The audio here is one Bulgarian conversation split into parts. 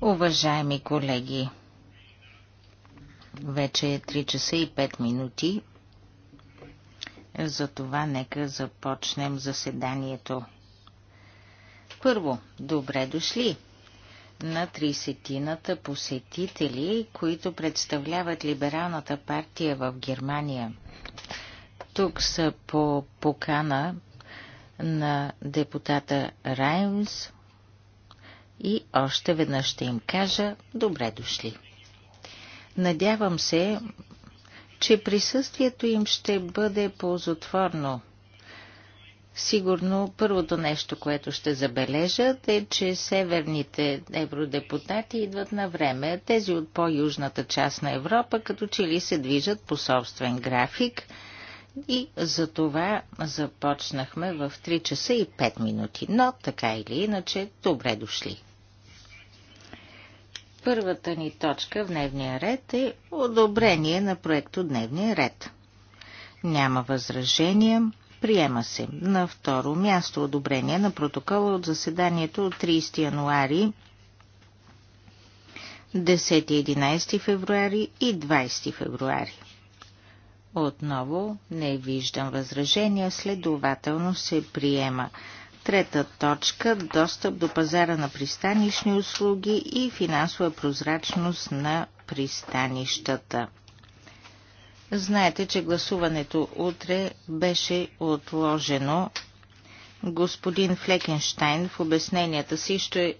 Уважаеми колеги, вече е 3 часа и 5 минути. Затова нека започнем заседанието. Първо, добре дошли на трисетината посетители, които представляват Либералната партия в Германия. Тук са по покана на депутата Раймс и още веднъж ще им кажа добре дошли. Надявам се, че присъствието им ще бъде ползотворно. Сигурно първото нещо, което ще забележат е, че северните евродепутати идват на време. Тези от по-южната част на Европа като че ли се движат по собствен график – и за това започнахме в 3 часа и 5 минути. Но така или иначе, добре дошли. Първата ни точка в дневния ред е одобрение на проекто дневния ред. Няма възражения. Приема се. На второ място одобрение на протокола от заседанието от 30 януари 10-11 февруари и 20 февруари. Отново не виждам възражения, следователно се приема. Трета точка – достъп до пазара на пристанищни услуги и финансова прозрачност на пристанищата. Знаете, че гласуването утре беше отложено. Господин Флекенштайн в обясненията си ще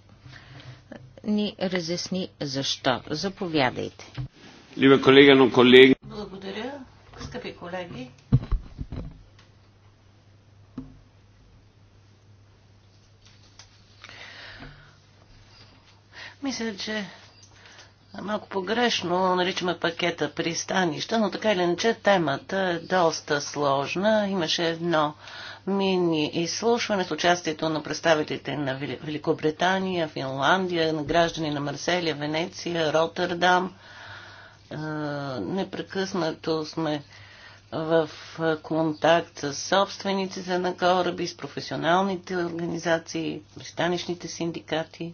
ни разясни защо. Заповядайте. Либе колега, но колеги, колеги. Мисля, че малко погрешно наричаме пакета пристанища, но така или иначе темата е доста сложна. Имаше едно мини изслушване с участието на представителите на Великобритания, Финландия, на граждани на Марселия, Венеция, Роттердам. Е, непрекъснато сме в контакт с собствениците на кораби, с професионалните организации, пристанищните синдикати.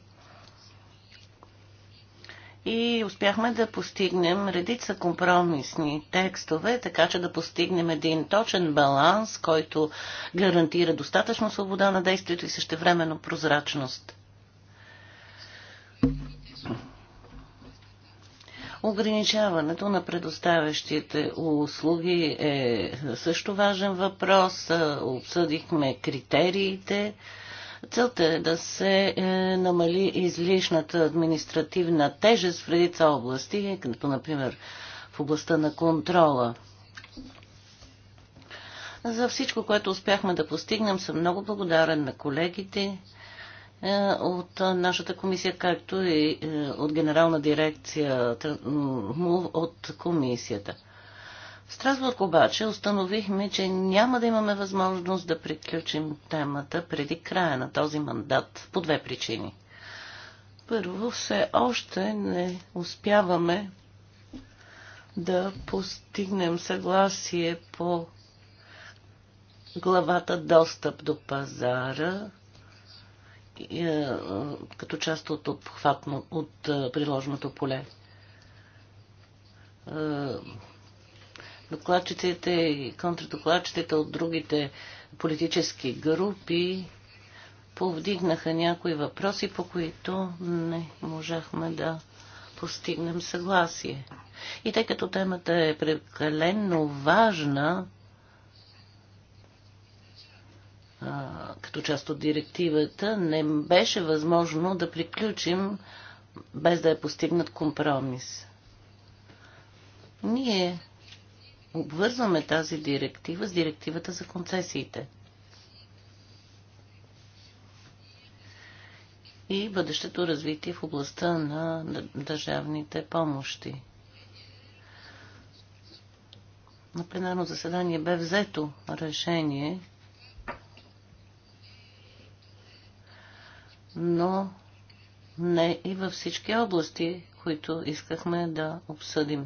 И успяхме да постигнем редица компромисни текстове, така че да постигнем един точен баланс, който гарантира достатъчно свобода на действието и същевременно прозрачност. Ограничаването на предоставящите услуги е също важен въпрос. Е, обсъдихме критериите. Целта е да се е, намали излишната административна тежест в редица области, като например в областта на контрола. За всичко, което успяхме да постигнем, съм много благодарен на колегите е, от нашата комисия, както и е, от генерална дирекция му от комисията. В Страсбург обаче установихме, че няма да имаме възможност да приключим темата преди края на този мандат по две причини. Първо, все още не успяваме да постигнем съгласие по главата достъп до пазара, е, е, като част от обхватно, от е, приложното поле. Докладчиците и контрадокладчиците от другите политически групи повдигнаха някои въпроси, по които не можахме да постигнем съгласие. И тъй като темата е прекалено важна, като част от директивата, не беше възможно да приключим без да е постигнат компромис. Ние обвързваме тази директива с директивата за концесиите. И бъдещето развитие в областта на държавните помощи. На пленарно заседание бе взето решение но не и във всички области, които искахме да обсъдим.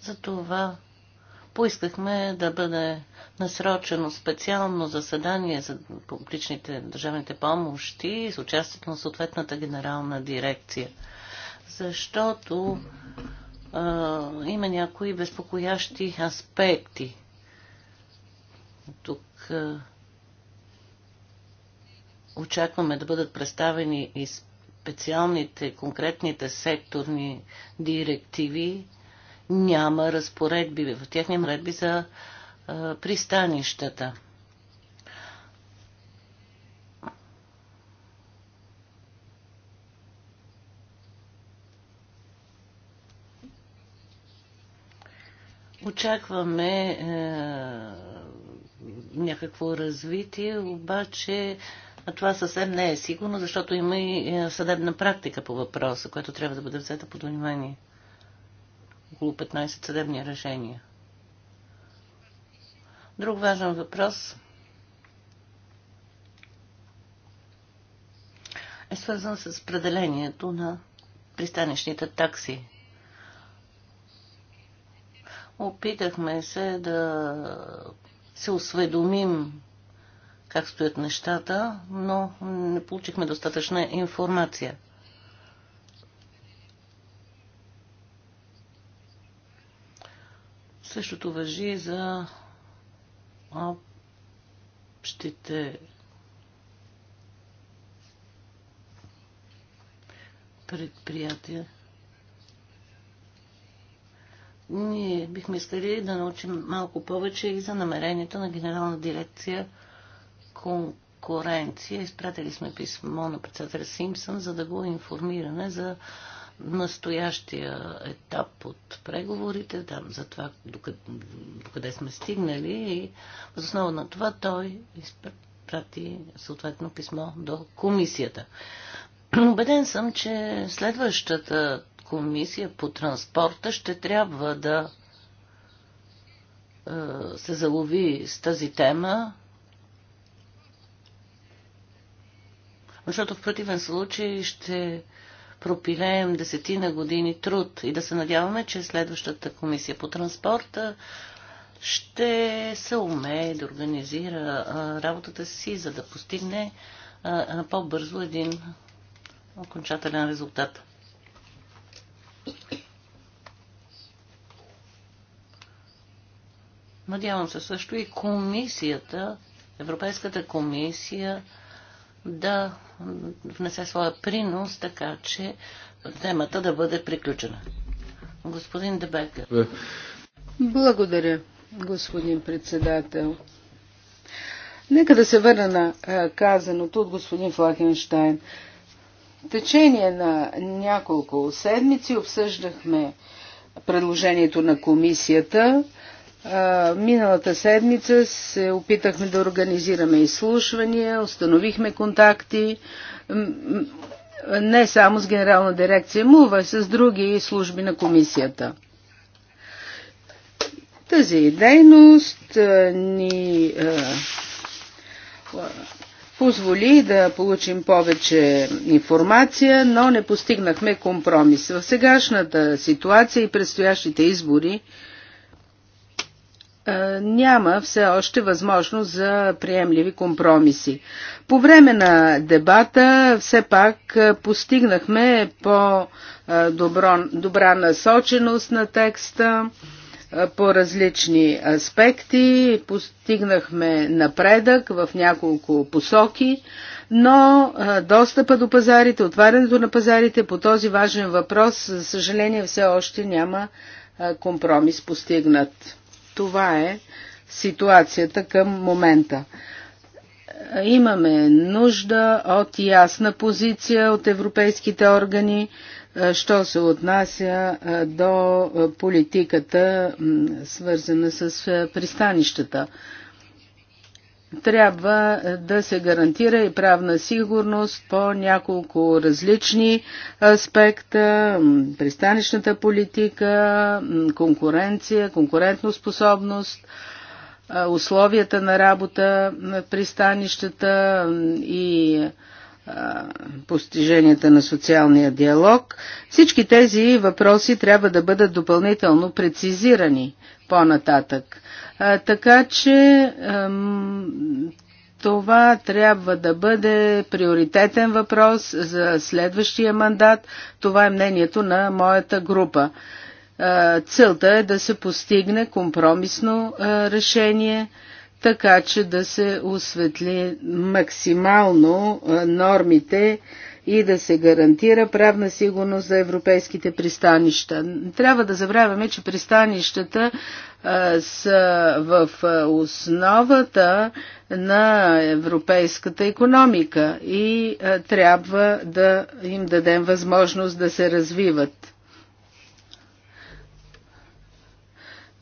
Затова поискахме да бъде насрочено специално заседание за публичните държавните помощи с участието на съответната генерална дирекция. Защото а, има някои безпокоящи аспекти. Тук а, Очакваме да бъдат представени и специалните, конкретните секторни директиви. Няма разпоредби, в тях няма редби за а, пристанищата. Очакваме е, някакво развитие, обаче а това съвсем не е сигурно, защото има и е, съдебна практика по въпроса, която трябва да бъде взета под внимание. Около 15 съдебни решения. Друг важен въпрос е свързан с определението на пристанищните такси. Опитахме се да се осведомим как стоят нещата, но не получихме достатъчна информация. Същото въжи за общите предприятия. Ние бихме искали да научим малко повече и за намеренията на Генерална дирекция конкуренция. Изпратили сме писмо на председателя Симпсън, за да го информираме за настоящия етап от преговорите, там за това докъде, сме стигнали и въз основа на това той изпрати съответно писмо до комисията. Убеден съм, че следващата комисия по транспорта ще трябва да е, се залови с тази тема защото в противен случай ще пропилеем десетина години труд и да се надяваме, че следващата комисия по транспорта ще се умее да организира работата си, за да постигне по-бързо един окончателен резултат. Надявам се също и комисията, Европейската комисия да внесе своя принос, така че темата да бъде приключена. Господин Дебека. Благодаря, господин председател. Нека да се върна на казаното от господин Флахенштайн. В течение на няколко седмици обсъждахме предложението на комисията Миналата седмица се опитахме да организираме изслушвания, установихме контакти не само с Генерална дирекция МУВА, с други служби на комисията. Тази дейност ни позволи да получим повече информация, но не постигнахме компромис. В сегашната ситуация и предстоящите избори е, няма все още възможност за приемливи компромиси. По време на дебата все пак е, постигнахме по-добра насоченост на текста е, по различни аспекти, постигнахме напредък в няколко посоки, но достъпа до пазарите, отварянето на пазарите по този важен въпрос, за съжаление, все още няма компромис постигнат. Това е ситуацията към момента. Имаме нужда от ясна позиция от европейските органи, що се отнася до политиката, свързана с пристанищата трябва е, да се гарантира и правна сигурност по няколко различни аспекта пристанищната политика, конкуренция, способност, условията на работа на пристанищата и постиженията на социалния диалог. Всички тези въпроси трябва да бъдат допълнително прецизирани по-нататък. Така че това трябва да бъде приоритетен въпрос за следващия мандат. Това е мнението на моята група. Целта е да се постигне компромисно решение, така че да се осветли максимално нормите и да се гарантира правна сигурност за европейските пристанища. Трябва да забравяме, че пристанищата а, са в основата на европейската економика и а, трябва да им дадем възможност да се развиват.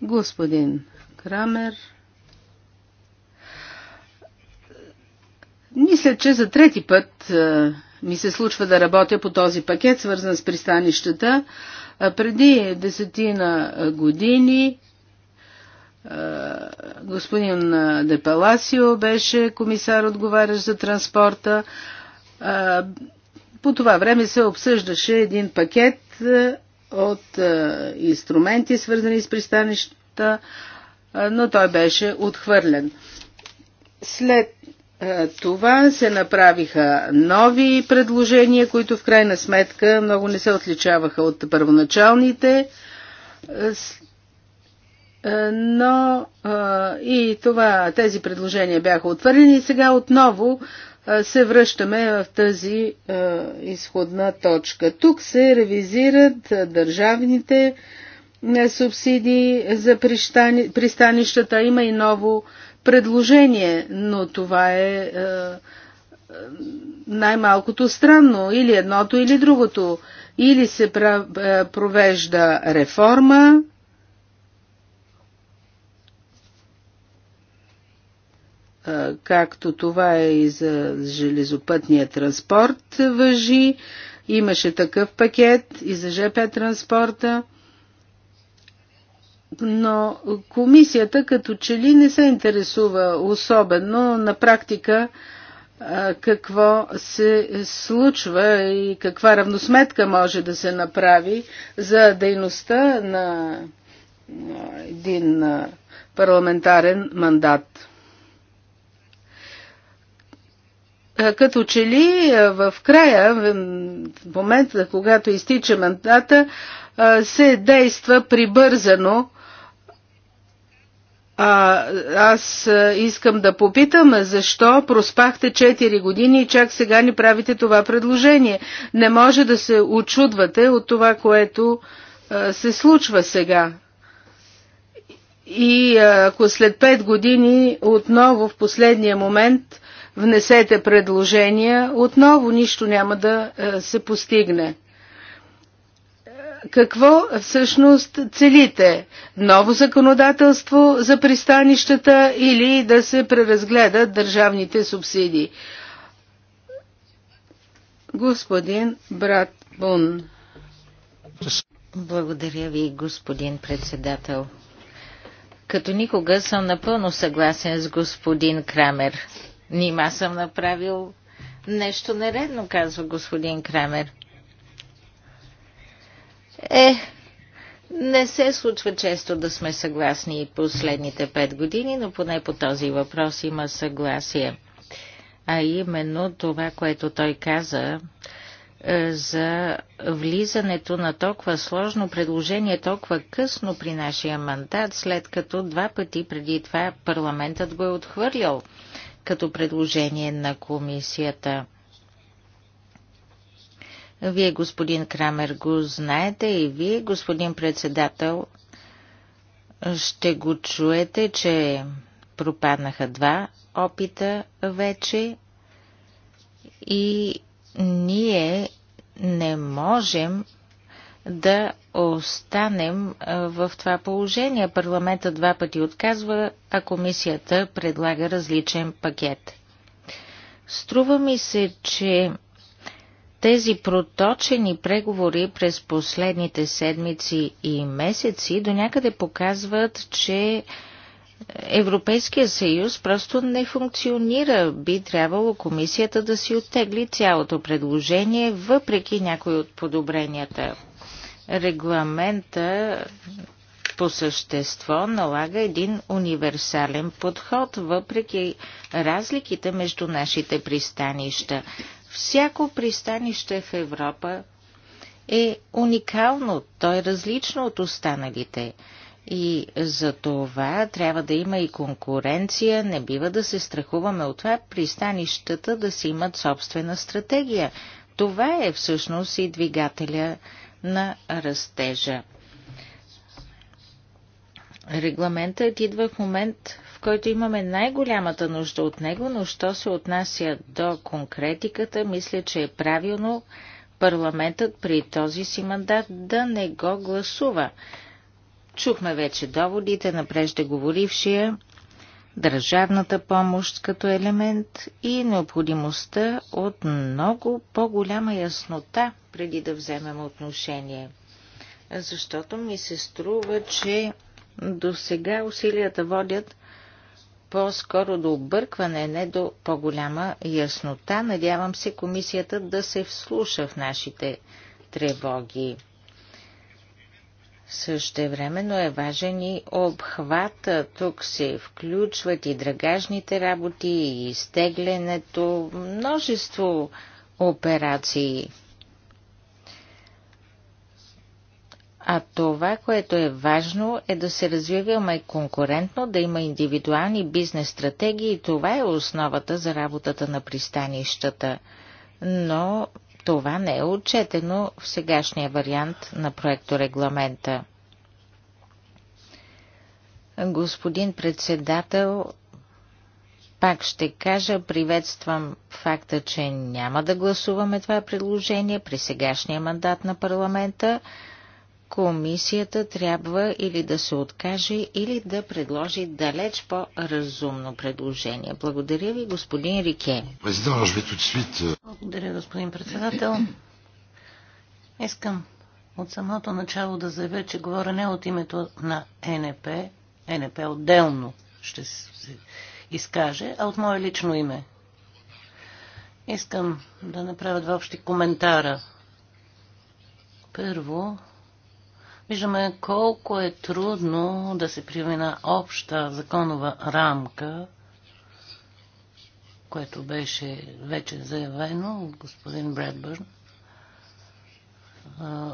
Господин Крамер. Мисля, че за трети път ми се случва да работя по този пакет, свързан с пристанищата. Преди десетина години господин Депаласио беше комисар, отговарящ за транспорта. По това време се обсъждаше един пакет от инструменти, свързани с пристанищата, но той беше отхвърлен. След е, това се направиха нови предложения, които в крайна сметка много не се отличаваха от първоначалните, е, е, но и това, тези предложения бяха отвърлени и сега отново се връщаме в тази изходна точка. Тук се ревизират държавните субсидии за пристанищата. Има и ново предложение, но това е, е най-малкото странно. Или едното, или другото. Или се е, провежда реформа, е, както това е и за железопътния транспорт въжи. Имаше такъв пакет и за ЖП транспорта но комисията като че ли не се интересува особено на практика какво се случва и каква равносметка може да се направи за дейността на един парламентарен мандат. Като че ли в края, в момента, когато изтича мандата, се действа прибързано а, аз искам да попитам, защо проспахте 4 години и чак сега ни правите това предложение. Не може да се очудвате от това, което а, се случва сега. И ако след 5 години отново в последния момент внесете предложения, отново нищо няма да се постигне какво всъщност целите? Ново законодателство за пристанищата или да се преразгледат държавните субсидии? Господин Брат Бун. Благодаря ви, господин председател. Като никога съм напълно съгласен с господин Крамер. Нима съм направил нещо нередно, казва господин Крамер. Е, не се случва често да сме съгласни и последните пет години, но поне по този въпрос има съгласие. А именно това, което той каза е, за влизането на толкова сложно предложение, толкова късно при нашия мандат, след като два пъти преди това парламентът го е отхвърлял като предложение на комисията. Вие, господин Крамер, го знаете и вие, господин председател, ще го чуете, че пропаднаха два опита вече и ние не можем да останем в това положение. Парламента два пъти отказва, а комисията предлага различен пакет. Струва ми се, че тези проточени преговори през последните седмици и месеци до някъде показват, че Европейския съюз просто не функционира. Би трябвало комисията да си оттегли цялото предложение, въпреки някои от подобренията. Регламента по същество налага един универсален подход, въпреки разликите между нашите пристанища. Всяко пристанище в Европа е уникално, то е различно от останалите. И за това трябва да има и конкуренция, не бива да се страхуваме от това пристанищата да си имат собствена стратегия. Това е всъщност и двигателя на растежа. Регламентът идва в момент, който имаме най-голямата нужда от него, но що се отнася до конкретиката, мисля, че е правилно парламентът при този си мандат да не го гласува. Чухме вече доводите на преждеговорившия, държавната помощ като елемент и необходимостта от много по-голяма яснота преди да вземем отношение. Защото ми се струва, че до сега усилията водят по-скоро до объркване, не до по-голяма яснота. Надявам се комисията да се вслуша в нашите тревоги. Същевременно е важен и обхвата. Тук се включват и драгажните работи, и изтеглянето, множество операции. А това, което е важно, е да се развиваме конкурентно, да има индивидуални бизнес стратегии и това е основата за работата на пристанищата. Но това не е отчетено в сегашния вариант на проекторегламента. Господин председател, пак ще кажа, приветствам факта, че няма да гласуваме това предложение при сегашния мандат на парламента, комисията трябва или да се откаже, или да предложи далеч по-разумно предложение. Благодаря ви, господин Рике. Euh, Благодаря, господин председател. Искам от самото начало да заявя, че говоря не от името на НП, НП отделно ще се изкаже, а от мое лично име. Искам да направя два общи коментара. Първо, Виждаме колко е трудно да се примена обща законова рамка, което беше вече заявено от господин Бредбърн.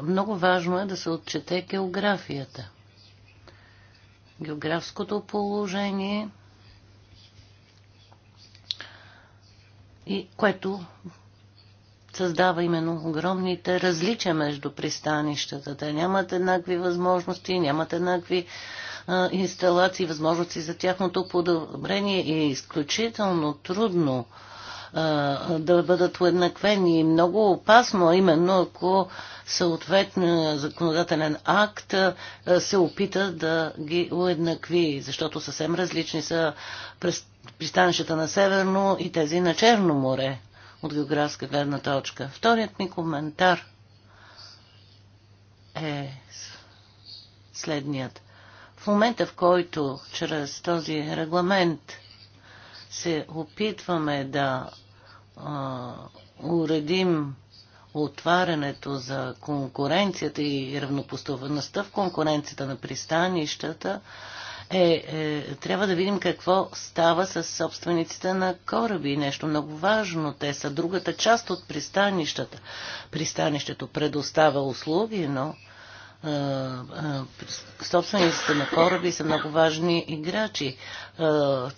Много важно е да се отчете географията. Географското положение и което създава именно огромните различия между пристанищата. Те нямат еднакви възможности, нямат еднакви а, инсталации, възможности за тяхното подобрение и е изключително трудно да бъдат уеднаквени. Много опасно, именно ако съответно законодателен акт се опита да ги уеднакви, защото съвсем различни са пристанищата на Северно и тези на Черно море от географска гледна точка. Вторият ми коментар е следният. В момента, в който чрез този регламент се опитваме да а, уредим отварянето за конкуренцията и равнопоставеността в конкуренцията на пристанищата, е, е, трябва да видим какво става с собствениците на кораби. Нещо много важно. Те са другата част от пристанищата. Пристанището предоставя услуги, но е, е, собствениците на кораби са много важни играчи. Е,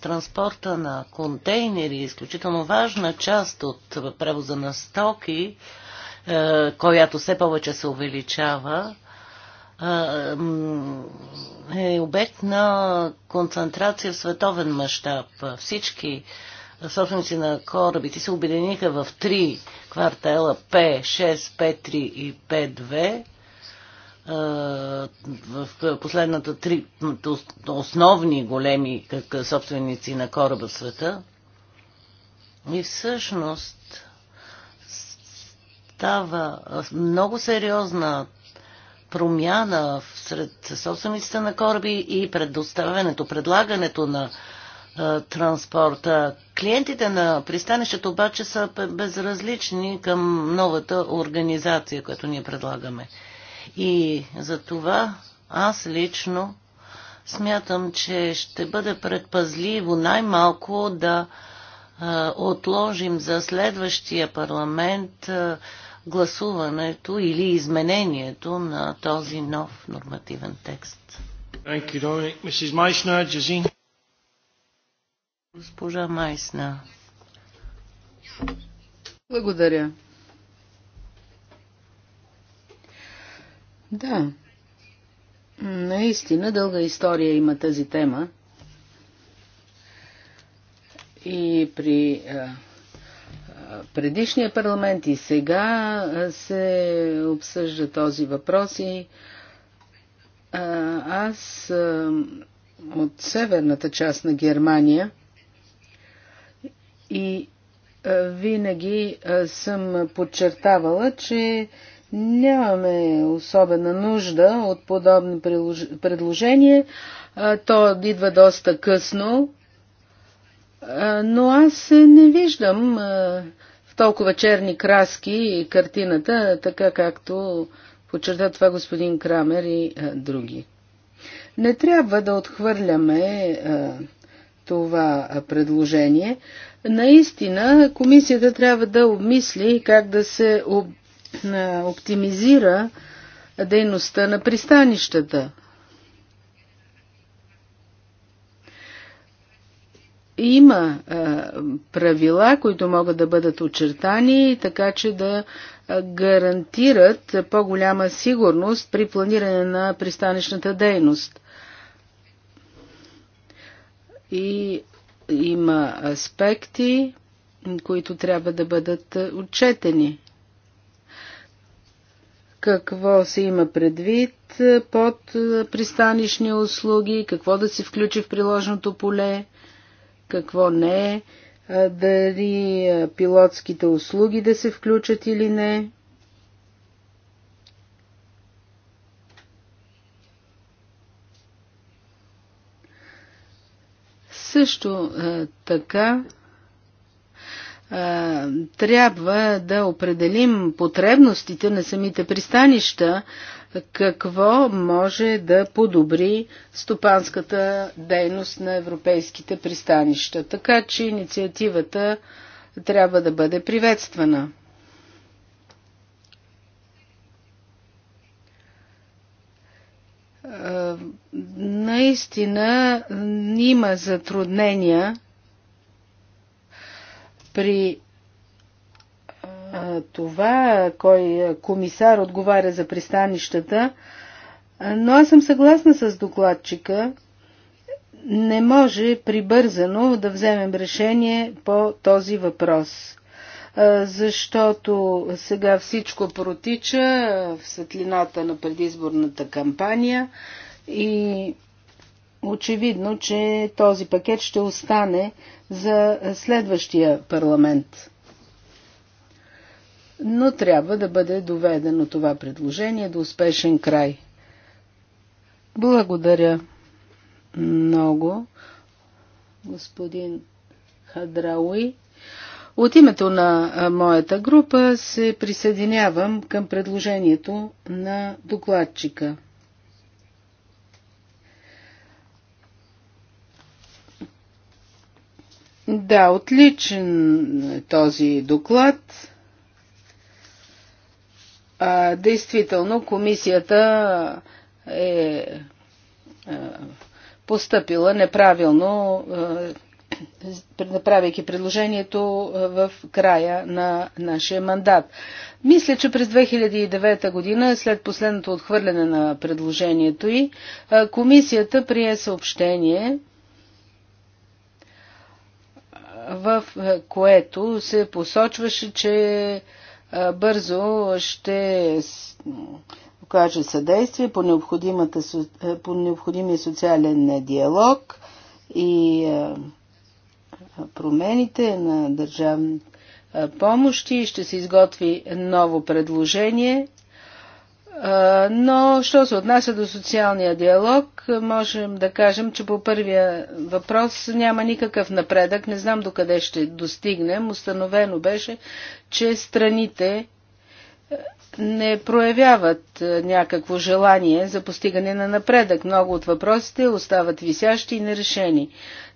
транспорта на контейнери е изключително важна част от превоза на стоки, е, която все повече се увеличава е обект на концентрация в световен мащаб. Всички собственици на корабите се обединиха в три квартала п 6 п 3 и п 2 в последната три основни големи собственици на кораба в света. И всъщност става много сериозна промяна сред собствениците на кораби и предоставянето, предлагането на а, е, транспорта. Клиентите на пристанището обаче са безразлични към новата организация, която ние предлагаме. И за това аз лично смятам, че ще бъде предпазливо най-малко да а, е, отложим за следващия парламент а, е, гласуването или изменението на този нов нормативен текст. Госпожа Майсна. Благодаря. Да, наистина дълга история има тази тема. И при предишния парламент и сега се обсъжда този въпрос и аз от северната част на Германия и винаги съм подчертавала, че нямаме особена нужда от подобни предложения. То идва доста късно, но аз не виждам толкова черни краски и картината, така както подчерта това господин Крамер и а, други. Не трябва да отхвърляме а, това предложение. Наистина, комисията трябва да обмисли как да се об, а, оптимизира дейността на пристанищата. има е, правила, които могат да бъдат очертани, така че да е, гарантират по-голяма сигурност при планиране на пристанищната дейност. И има аспекти, които трябва да бъдат е, отчетени. Какво се има предвид под пристанищни услуги, какво да се включи в приложното поле, какво не е, дали пилотските услуги да се включат или не. Също така трябва да определим потребностите на самите пристанища какво може да подобри стопанската дейност на европейските пристанища. Така че инициативата трябва да бъде приветствана. Наистина има затруднения при това кой комисар отговаря за пристанищата, но аз съм съгласна с докладчика. Не може прибързано да вземем решение по този въпрос, защото сега всичко протича в светлината на предизборната кампания и очевидно, че този пакет ще остане за следващия парламент но трябва да бъде доведено това предложение до успешен край. Благодаря много, господин Хадрауи. От името на моята група се присъединявам към предложението на докладчика. Да, отличен е този доклад. А, действително, комисията е, е постъпила неправилно, е, направяйки предложението е, в края на нашия мандат. Мисля, че през 2009 година, след последното отхвърляне на предложението й, комисията прие съобщение, в което се посочваше, че бързо ще окаже съдействие по, е, по необходимия социален е, диалог и е, промените на държавни помощи. Ще се изготви ново предложение но, що се отнася до социалния диалог, можем да кажем, че по първия въпрос няма никакъв напредък. Не знам докъде ще достигнем. Установено беше, че страните не проявяват някакво желание за постигане на напредък. Много от въпросите остават висящи и нерешени.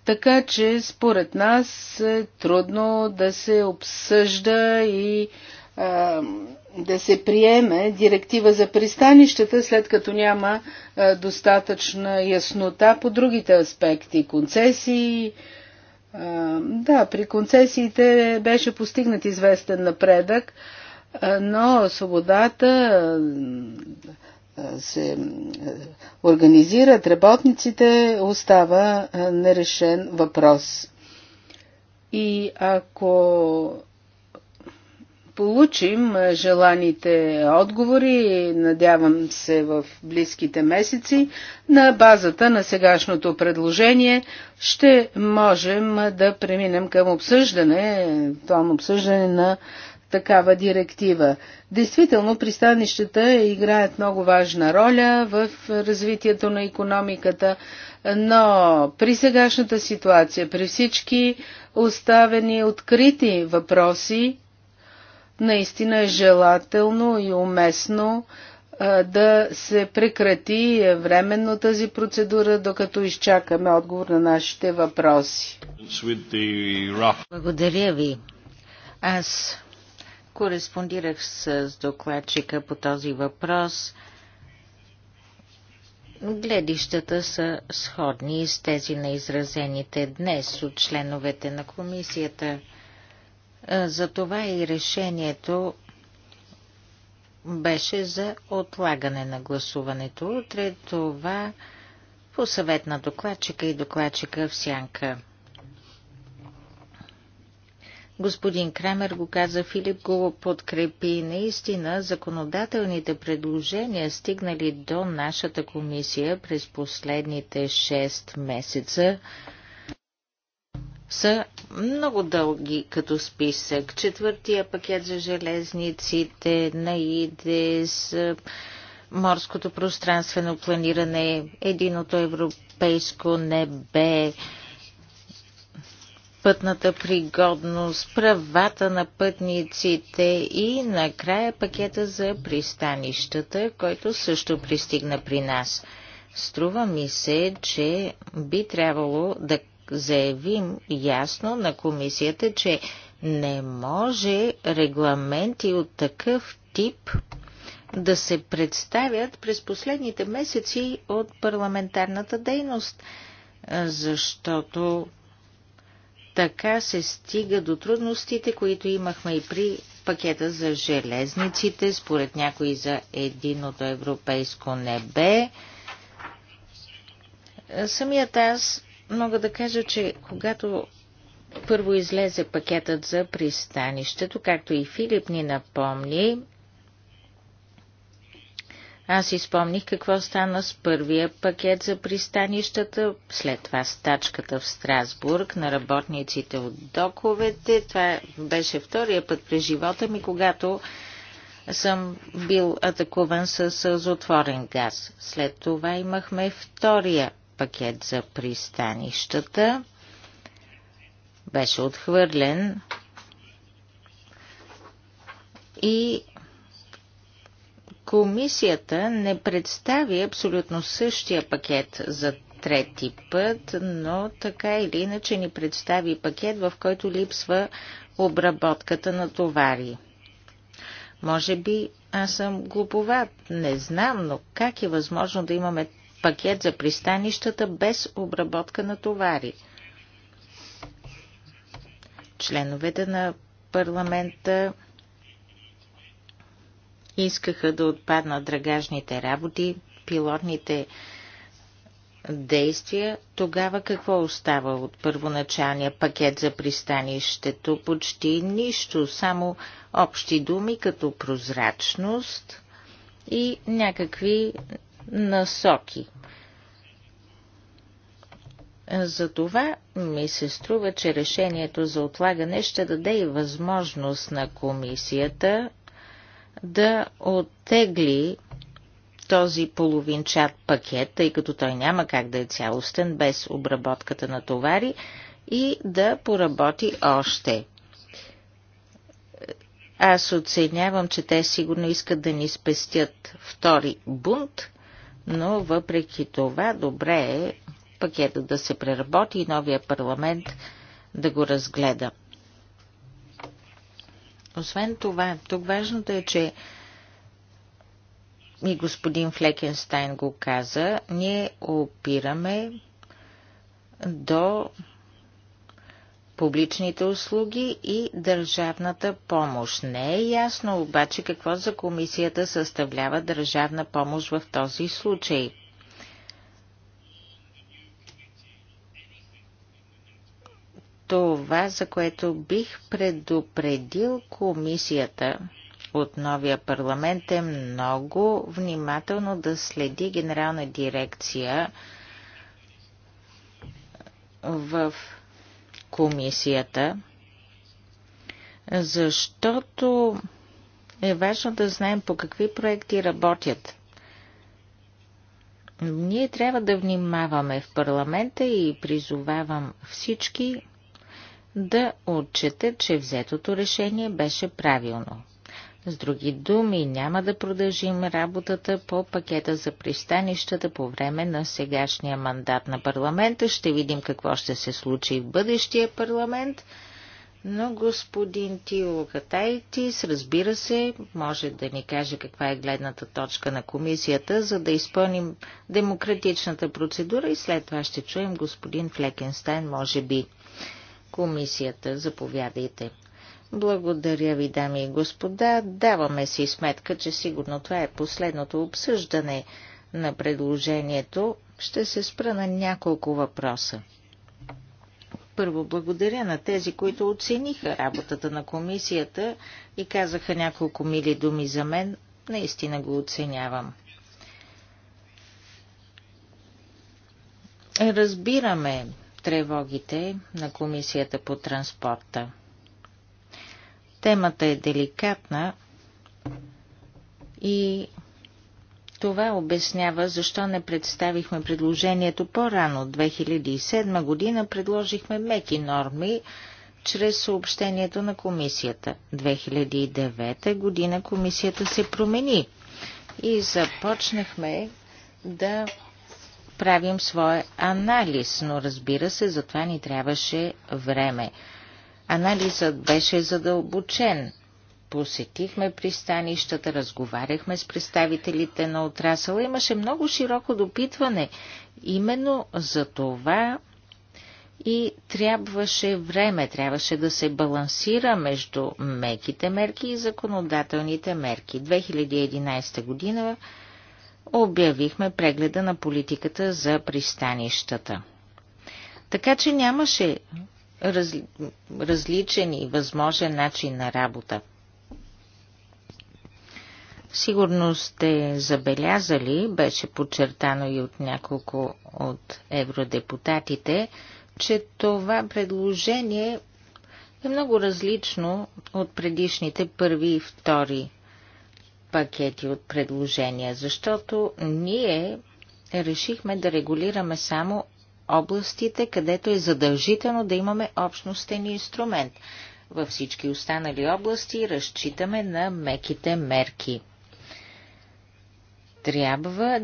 Така че, според нас, е трудно да се обсъжда и да се приеме директива за пристанищата, след като няма е, достатъчна яснота по другите аспекти. Концесии. Е, да, при концесиите беше постигнат известен напредък, е, но свободата се организират работниците, остава нерешен въпрос. И ако получим е, желаните отговори, надявам се в близките месеци, на базата на сегашното предложение ще можем е, да преминем към обсъждане, това обсъждане на такава директива. Действително, пристанищата играят много важна роля в развитието на економиката, но при сегашната ситуация, при всички оставени открити въпроси, наистина е желателно и уместно да се прекрати временно тази процедура, докато изчакаме отговор на нашите въпроси. Благодаря ви. Аз кореспондирах с докладчика по този въпрос. Гледищата са сходни с тези на изразените днес от членовете на комисията. Е, Затова и решението беше за отлагане на гласуването. Утре това по съвет на докладчика и докладчика в сянка. Господин Кремер го каза, Филип го подкрепи. Наистина, законодателните предложения, стигнали до нашата комисия през последните 6 месеца, са много дълги като списък. Четвъртия пакет за железниците, наидес, морското пространствено планиране, единото европейско небе, пътната пригодност, правата на пътниците и накрая пакета за пристанищата, който също пристигна при нас. Струва ми се, че би трябвало да заявим ясно на комисията, че не може регламенти от такъв тип да се представят през последните месеци от парламентарната дейност, защото така се стига до трудностите, които имахме и при пакета за железниците, според някои за единото европейско небе. Самият аз мога да кажа, че когато първо излезе пакетът за пристанището, както и Филип ни напомни, аз изпомних какво стана с първия пакет за пристанищата, след това стачката в Страсбург на работниците от доковете. Това беше втория път през живота ми, когато съм бил атакуван с затворен газ. След това имахме втория пакет за пристанищата. Беше отхвърлен и комисията не представи абсолютно същия пакет за трети път, но така или иначе ни представи пакет, в който липсва обработката на товари. Може би аз съм глуповат, не знам, но как е възможно да имаме пакет за пристанищата без обработка на товари. Членовете на парламента искаха да отпаднат драгажните работи, пилотните действия, тогава какво остава от първоначалния пакет за пристанището? Почти нищо, само общи думи като прозрачност и някакви насоки. Затова ми се струва, че решението за отлагане ще даде и възможност на комисията да оттегли този половинчат пакет, тъй като той няма как да е цялостен без обработката на товари и да поработи още. Аз оценявам, че те сигурно искат да ни спестят втори бунт но въпреки това добре е пакета да се преработи и новия парламент да го разгледа. Освен това, тук важното е, че и господин Флекенстайн го каза, ние опираме до публичните услуги и държавната помощ. Не е ясно обаче какво за комисията съставлява държавна помощ в този случай. Това, за което бих предупредил комисията от новия парламент е много внимателно да следи генерална дирекция в комисията, защото е важно да знаем по какви проекти работят. Ние трябва да внимаваме в парламента и призовавам всички да отчетат, че взетото решение беше правилно. С други думи, няма да продължим работата по пакета за пристанищата по време на сегашния мандат на парламента. Ще видим какво ще се случи в бъдещия парламент. Но господин Тио Катайтис, разбира се, може да ни каже каква е гледната точка на комисията, за да изпълним демократичната процедура и след това ще чуем господин Флекенстайн, може би. Комисията, заповядайте. Благодаря ви, дами и господа. Даваме си сметка, че сигурно това е последното обсъждане на предложението. Ще се спра на няколко въпроса. Първо, благодаря на тези, които оцениха работата на комисията и казаха няколко мили думи за мен. Наистина го оценявам. Разбираме тревогите на комисията по транспорта. Темата е деликатна и това обяснява защо не представихме предложението по-рано. 2007 година предложихме меки норми чрез съобщението на комисията. 2009 година комисията се промени и започнахме да правим своя анализ, но разбира се, за това ни трябваше време. Анализът беше задълбочен. Посетихме пристанищата, разговаряхме с представителите на отрасъла. Имаше много широко допитване. Именно за това и трябваше време, трябваше да се балансира между меките мерки и законодателните мерки. 2011 година обявихме прегледа на политиката за пристанищата. Така че нямаше раз, различен и възможен начин на работа. Сигурно сте забелязали, беше подчертано и от няколко от евродепутатите, че това предложение е много различно от предишните първи и втори пакети от предложения, защото ние решихме да регулираме само областите, където е задължително да имаме общностен инструмент. Във всички останали области разчитаме на меките мерки. Трябва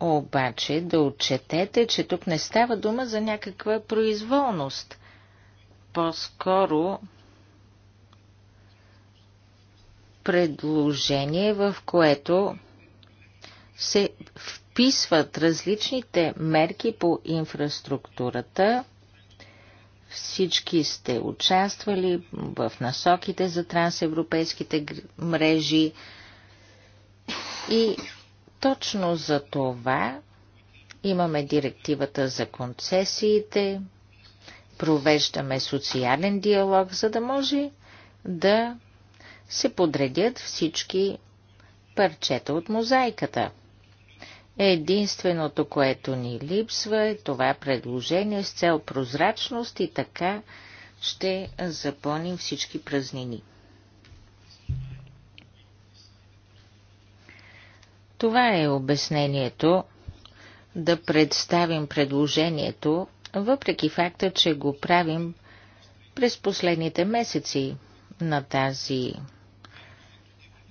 обаче да отчетете, че тук не става дума за някаква произволност. По-скоро предложение, в което се описват различните мерки по инфраструктурата. Всички сте участвали в насоките за трансевропейските мрежи и точно за това имаме директивата за концесиите, провеждаме социален диалог, за да може да се подредят всички парчета от мозайката – Единственото, което ни липсва е това предложение с цел прозрачност и така ще запълним всички празнини. Това е обяснението да представим предложението, въпреки факта, че го правим през последните месеци на, тази,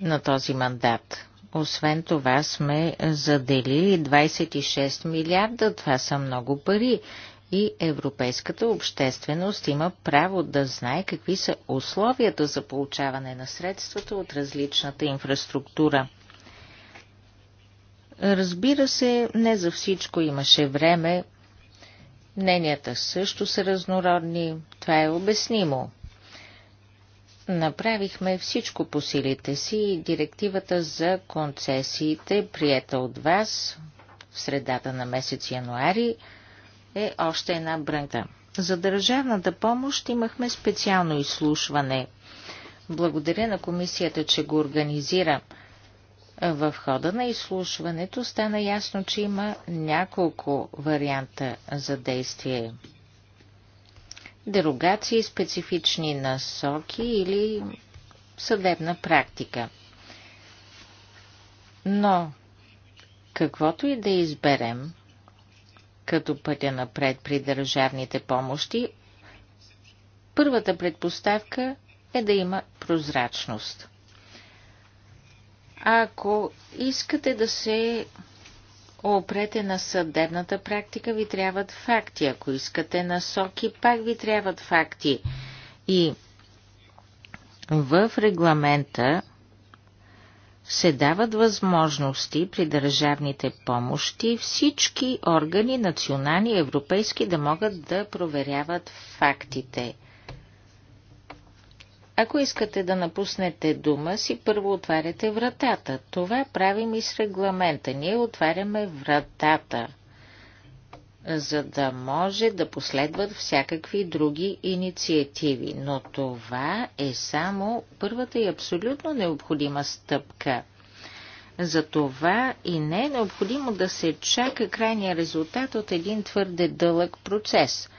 на този мандат. Освен това сме заделили 26 милиарда, това са много пари и европейската общественост има право да знае какви са условията за получаване на средствата от различната инфраструктура. Разбира се, не за всичко имаше време. Мненията също са разнородни. Това е обяснимо. Направихме всичко по силите си и директивата за концесиите, приета от вас в средата на месец януари, е още една брънка. За държавната помощ имахме специално изслушване. Благодаря на комисията, че го организира. В хода на изслушването стана ясно, че има няколко варианта за действие дерогации, специфични насоки или съдебна практика. Но, каквото и да изберем, като пътя напред при държавните помощи, първата предпоставка е да има прозрачност. Ако искате да се опрете на съдебната практика, ви трябват факти. Ако искате насоки, пак ви трябват факти. И в регламента се дават възможности при държавните помощи всички органи, национални и европейски, да могат да проверяват фактите. Ако искате да напуснете дума си, първо отваряте вратата. Това правим и с регламента. Ние отваряме вратата, за да може да последват всякакви други инициативи. Но това е само първата и абсолютно необходима стъпка. За това и не е необходимо да се чака крайния резултат от един твърде дълъг процес.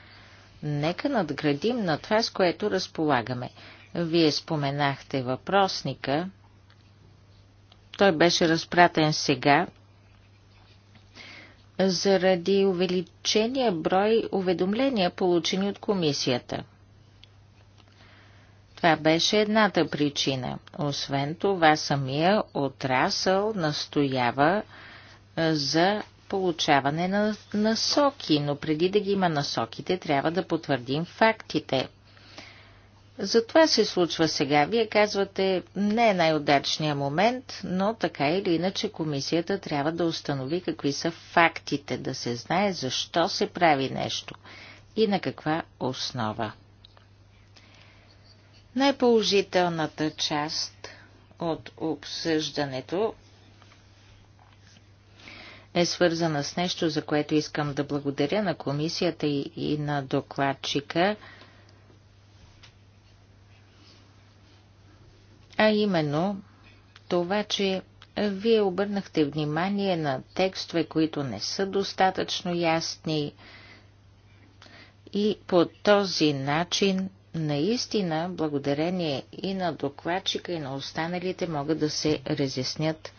Нека надградим на това, с което разполагаме. Вие споменахте въпросника. Той беше разпратен сега заради увеличения брой уведомления, получени от комисията. Това беше едната причина. Освен това, самия отрасъл настоява за получаване на насоки, но преди да ги има насоките, трябва да потвърдим фактите. За това се случва сега. Вие казвате, не е най-удачният момент, но така или иначе комисията трябва да установи какви са фактите, да се знае защо се прави нещо и на каква основа. Най-положителната част от обсъждането е свързана с нещо, за което искам да благодаря на комисията и, и на докладчика – а именно това, че вие обърнахте внимание на текстове, които не са достатъчно ясни и по този начин наистина, благодарение и на докладчика, и на останалите, могат да се разяснят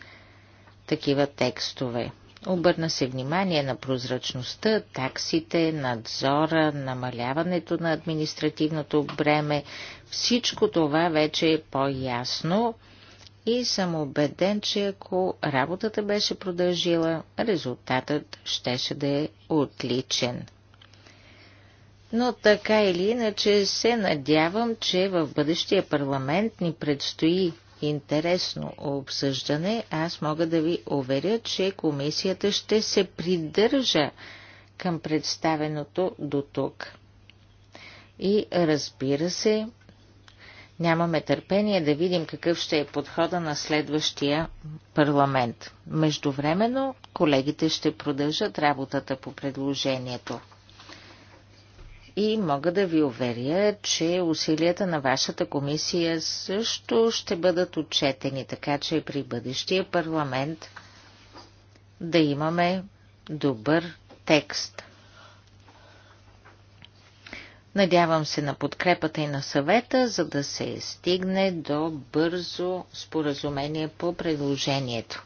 такива текстове. Обърна се внимание на прозрачността, таксите, надзора, намаляването на административното бреме, всичко това вече е по-ясно и съм убеден, че ако работата беше продължила, резултатът щеше да е отличен. Но така или иначе се надявам, че в бъдещия парламент ни предстои интересно обсъждане. Аз мога да ви уверя, че комисията ще се придържа към представеното до тук. И разбира се, Нямаме търпение да видим какъв ще е подхода на следващия парламент. Междувременно колегите ще продължат работата по предложението. И мога да ви уверя, че усилията на вашата комисия също ще бъдат отчетени, така че при бъдещия парламент да имаме добър текст. Надявам се на подкрепата и на съвета, за да се стигне до бързо споразумение по предложението,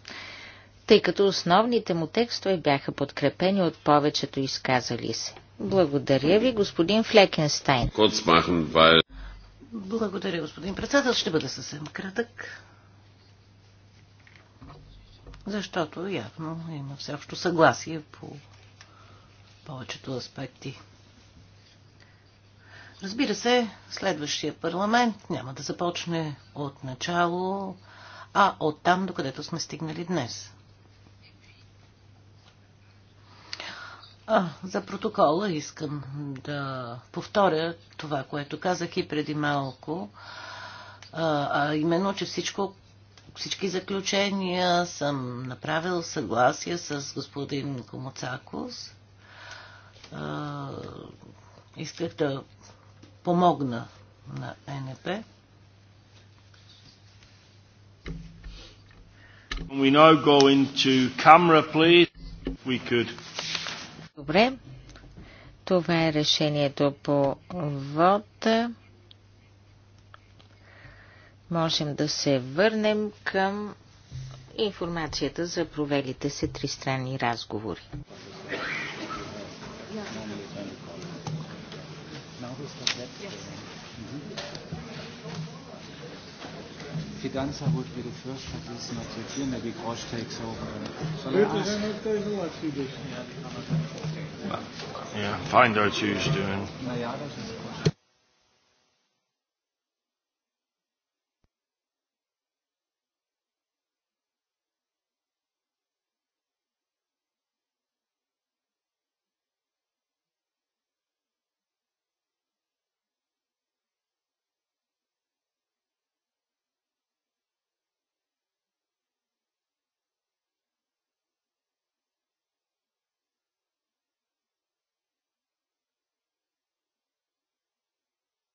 тъй като основните му текстове бяха подкрепени от повечето изказали се. Благодаря ви, господин Флекенстайн. Благодаря, господин председател. Ще бъда съвсем кратък. Защото явно има всеобщо съгласие по повечето аспекти. Разбира се, следващия парламент няма да започне от начало, а от там, докъдето сме стигнали днес. А, за протокола искам да повторя това, което казах и преди малко, а, а именно, че всичко, всички заключения съм направил съгласие с господин Комоцакос. А, исках да помогна на НП. We now go into camera, please. We could. Добре. Това е решението по вода. Можем да се върнем към информацията за провелите се тристранни разговори. Fidanza would be the first, but this is not yet here. Maybe Grosh takes over. Shall I ask? Yeah, fine doing. das ist